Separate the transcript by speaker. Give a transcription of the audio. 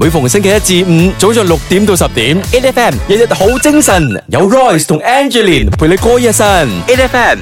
Speaker 1: 每逢星期一至五，早上六點到十點，E F M 日日好精神，有 Royce 同 Angeline 陪你過一晨，E F M。